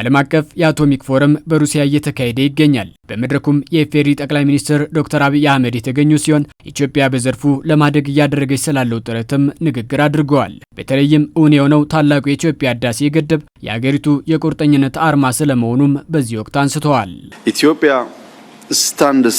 ዓለም አቀፍ የአቶሚክ ፎረም በሩሲያ እየተካሄደ ይገኛል። በመድረኩም የኢፌዴሪ ጠቅላይ ሚኒስትር ዶክተር አብይ አህመድ የተገኙ ሲሆን ኢትዮጵያ በዘርፉ ለማደግ እያደረገች ስላለው ጥረትም ንግግር አድርገዋል። በተለይም እውን የሆነው ታላቁ የኢትዮጵያ ህዳሴ ግድብ የአገሪቱ የቁርጠኝነት አርማ ስለመሆኑም በዚህ ወቅት አንስተዋል። ኢትዮጵያ ስታንድስ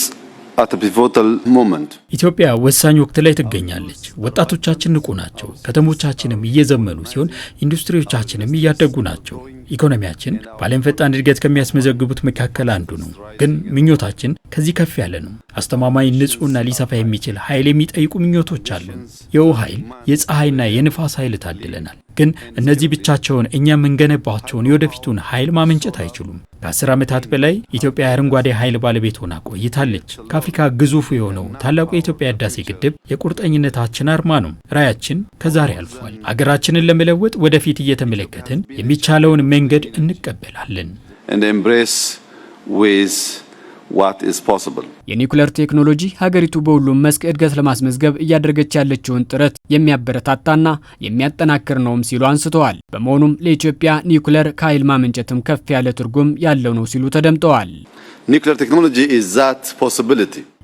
ኢትዮጵያ ወሳኝ ወቅት ላይ ትገኛለች። ወጣቶቻችን ንቁ ናቸው። ከተሞቻችንም እየዘመኑ ሲሆን ኢንዱስትሪዎቻችንም እያደጉ ናቸው። ኢኮኖሚያችን በዓለም ፈጣን እድገት ከሚያስመዘግቡት መካከል አንዱ ነው። ግን ምኞታችን ከዚህ ከፍ ያለ ነው። አስተማማኝ ንጹሕና ሊሰፋ የሚችል ኃይል የሚጠይቁ ምኞቶች አሉ። የውሃ ኃይል፣ የፀሐይና የንፋስ ኃይል ታድለናል። ግን እነዚህ ብቻቸውን እኛ የምንገነባቸውን የወደፊቱን ኃይል ማመንጨት አይችሉም። ከአስር ዓመታት በላይ ኢትዮጵያ የአረንጓዴ ኃይል ባለቤት ሆና ቆይታለች። ከአፍሪካ ግዙፉ የሆነው ታላቁ የኢትዮጵያ ህዳሴ ግድብ የቁርጠኝነታችን አርማ ነው። ራያችን ከዛሬ አልፏል። አገራችንን ለመለወጥ ወደፊት እየተመለከትን የሚቻለውን መንገድ እንቀበላለን። ዋት ኢዝ ፖስብል። ቴክኖሎጂ ሀገሪቱ በሁሉም መስክ እድገት ለማስመዝገብ እያደረገች ያለችውን ጥረት የሚያበረታታና የሚያጠናክር ነውም ሲሉ አንስተዋል። በመሆኑም ለኢትዮጵያ ኒኩሌር ከኃይል ማመንጨትም ከፍ ያለ ትርጉም ያለው ነው ሲሉ ተደምጠዋል። ኒኩሌር ቴክኖሎጂ ኢዝ ዛት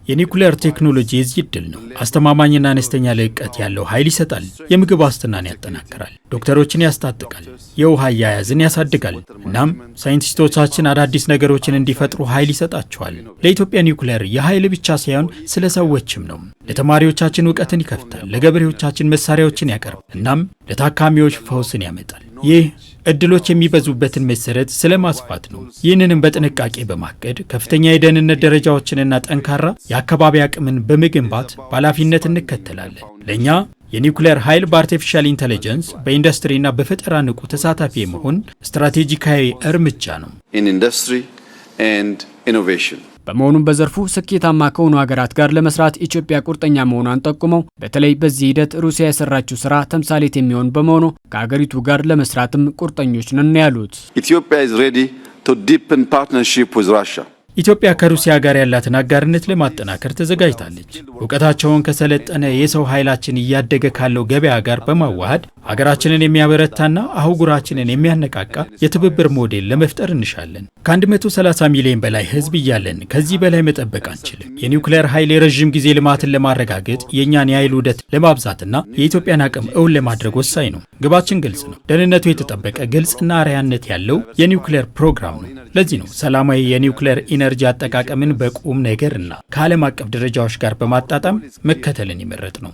የኒኩሌር ቴክኖሎጂ የዚህ እድል ነው። አስተማማኝና አነስተኛ ልዕቀት ያለው ኃይል ይሰጣል፣ የምግብ ዋስትናን ያጠናክራል፣ ዶክተሮችን ያስታጥቃል፣ የውሃ አያያዝን ያሳድጋል። እናም ሳይንቲስቶቻችን አዳዲስ ነገሮችን እንዲፈጥሩ ኃይል ይሰጣቸዋል። ለኢትዮጵያ ኒኩሌር የኃይል ብቻ ሳይሆን ስለ ሰዎችም ነው። ለተማሪዎቻችን እውቀትን ይከፍታል፣ ለገበሬዎቻችን መሳሪያዎችን ያቀርባል፣ እናም ለታካሚዎች ፈውስን ያመጣል። ይህ እድሎች የሚበዙበትን መሰረት ስለማስፋት ነው። ይህንንም በጥንቃቄ በማቀድ ከፍተኛ የደህንነት ደረጃዎችንና ጠንካራ የአካባቢ አቅምን በመገንባት በኃላፊነት እንከተላለን። ለእኛ የኒውክሌር ኃይል በአርቲፊሻል ኢንቴሊጀንስ በኢንዱስትሪና በፈጠራ ንቁ ተሳታፊ የመሆን ስትራቴጂካዊ እርምጃ ነው። ኢንዱስትሪ ኤንድ ኢኖቬሽን በመሆኑም በዘርፉ ስኬታማ ከሆኑ ሀገራት ጋር ለመስራት ኢትዮጵያ ቁርጠኛ መሆኗን ጠቁመው በተለይ በዚህ ሂደት ሩሲያ የሰራችው ስራ ተምሳሌት የሚሆን በመሆኑ ከሀገሪቱ ጋር ለመስራትም ቁርጠኞች ነን ያሉት ኢትዮጵያ ኢዝ ሬዲ ቱ ዲፕን ፓርትነርሺፕ ዊዝ ራሻ ኢትዮጵያ ከሩሲያ ጋር ያላትን አጋርነት ለማጠናከር ተዘጋጅታለች። እውቀታቸውን ከሰለጠነ የሰው ኃይላችን እያደገ ካለው ገበያ ጋር በማዋሃድ ሀገራችንን የሚያበረታና አህጉራችንን የሚያነቃቃ የትብብር ሞዴል ለመፍጠር እንሻለን። ከ130 ሚሊዮን በላይ ህዝብ እያለን ከዚህ በላይ መጠበቅ አንችልም። የኒውክሌር ኃይል የረዥም ጊዜ ልማትን ለማረጋገጥ የእኛን የኃይል ውደት ለማብዛትና የኢትዮጵያን አቅም እውን ለማድረግ ወሳኝ ነው። ግባችን ግልጽ ነው። ደህንነቱ የተጠበቀ ግልጽና አርያነት ያለው የኒውክሌር ፕሮግራም ነው። ለዚህ ነው ሰላማዊ የኒውክሌር ኢነርጂ አጠቃቀምን በቁም ነገር እና ከዓለም አቀፍ ደረጃዎች ጋር በማጣጣም መከተልን የመረጥ ነው።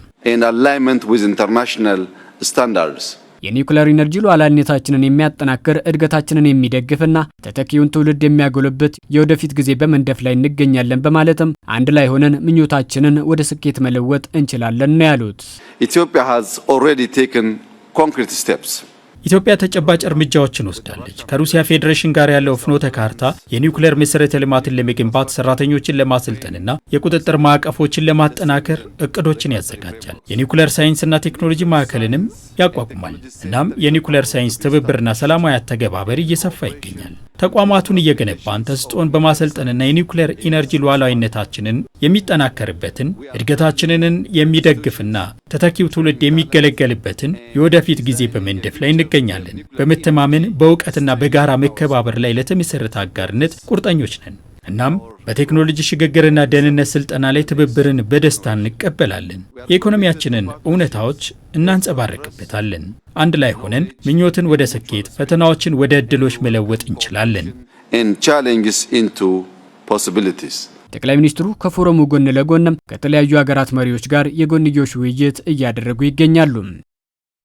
ስታንዳርድስ የኒውክሌር ኢነርጂ ሉዓላዊነታችንን የሚያጠናክር እድገታችንን የሚደግፍና ተተኪውን ትውልድ የሚያጎለብት የወደፊት ጊዜ በመንደፍ ላይ እንገኛለን በማለትም አንድ ላይ ሆነን ምኞታችንን ወደ ስኬት መለወጥ እንችላለን ነው ያሉት። ኢትዮጵያ ሀዝ already ቴክን ኮንክሪት ስቴፕስ ኢትዮጵያ ተጨባጭ እርምጃዎችን ወስዳለች። ከሩሲያ ፌዴሬሽን ጋር ያለው ፍኖተ ካርታ የኒውክሌር መሰረተ ልማትን ለመገንባት ሰራተኞችን ለማሰልጠንና የቁጥጥር ማዕቀፎችን ለማጠናከር እቅዶችን ያዘጋጃል። የኒውክሌር ሳይንስና ቴክኖሎጂ ማዕከልንም ያቋቁማል። እናም የኒውክሌር ሳይንስ ትብብርና ሰላማዊ አተገባበር እየሰፋ ይገኛል። ተቋማቱን እየገነባን ተስጦን በማሰልጠንና የኒውክሌር ኢነርጂ ሉዓላዊነታችንን የሚጠናከርበትን እድገታችንን የሚደግፍና ተተኪው ትውልድ የሚገለገልበትን የወደፊት ጊዜ በመንደፍ ላይ እንገኛለን። በመተማመን በእውቀትና በጋራ መከባበር ላይ ለተመሰረተ አጋርነት ቁርጠኞች ነን። እናም በቴክኖሎጂ ሽግግርና ደህንነት ስልጠና ላይ ትብብርን በደስታ እንቀበላለን። የኢኮኖሚያችንን እውነታዎች እናንጸባርቅበታለን። አንድ ላይ ሆነን ምኞትን ወደ ስኬት፣ ፈተናዎችን ወደ እድሎች መለወጥ እንችላለን። ጠቅላይ ሚኒስትሩ ከፎረሙ ጎን ለጎንም ከተለያዩ ሀገራት መሪዎች ጋር የጎንዮሽ ውይይት እያደረጉ ይገኛሉ።